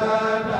la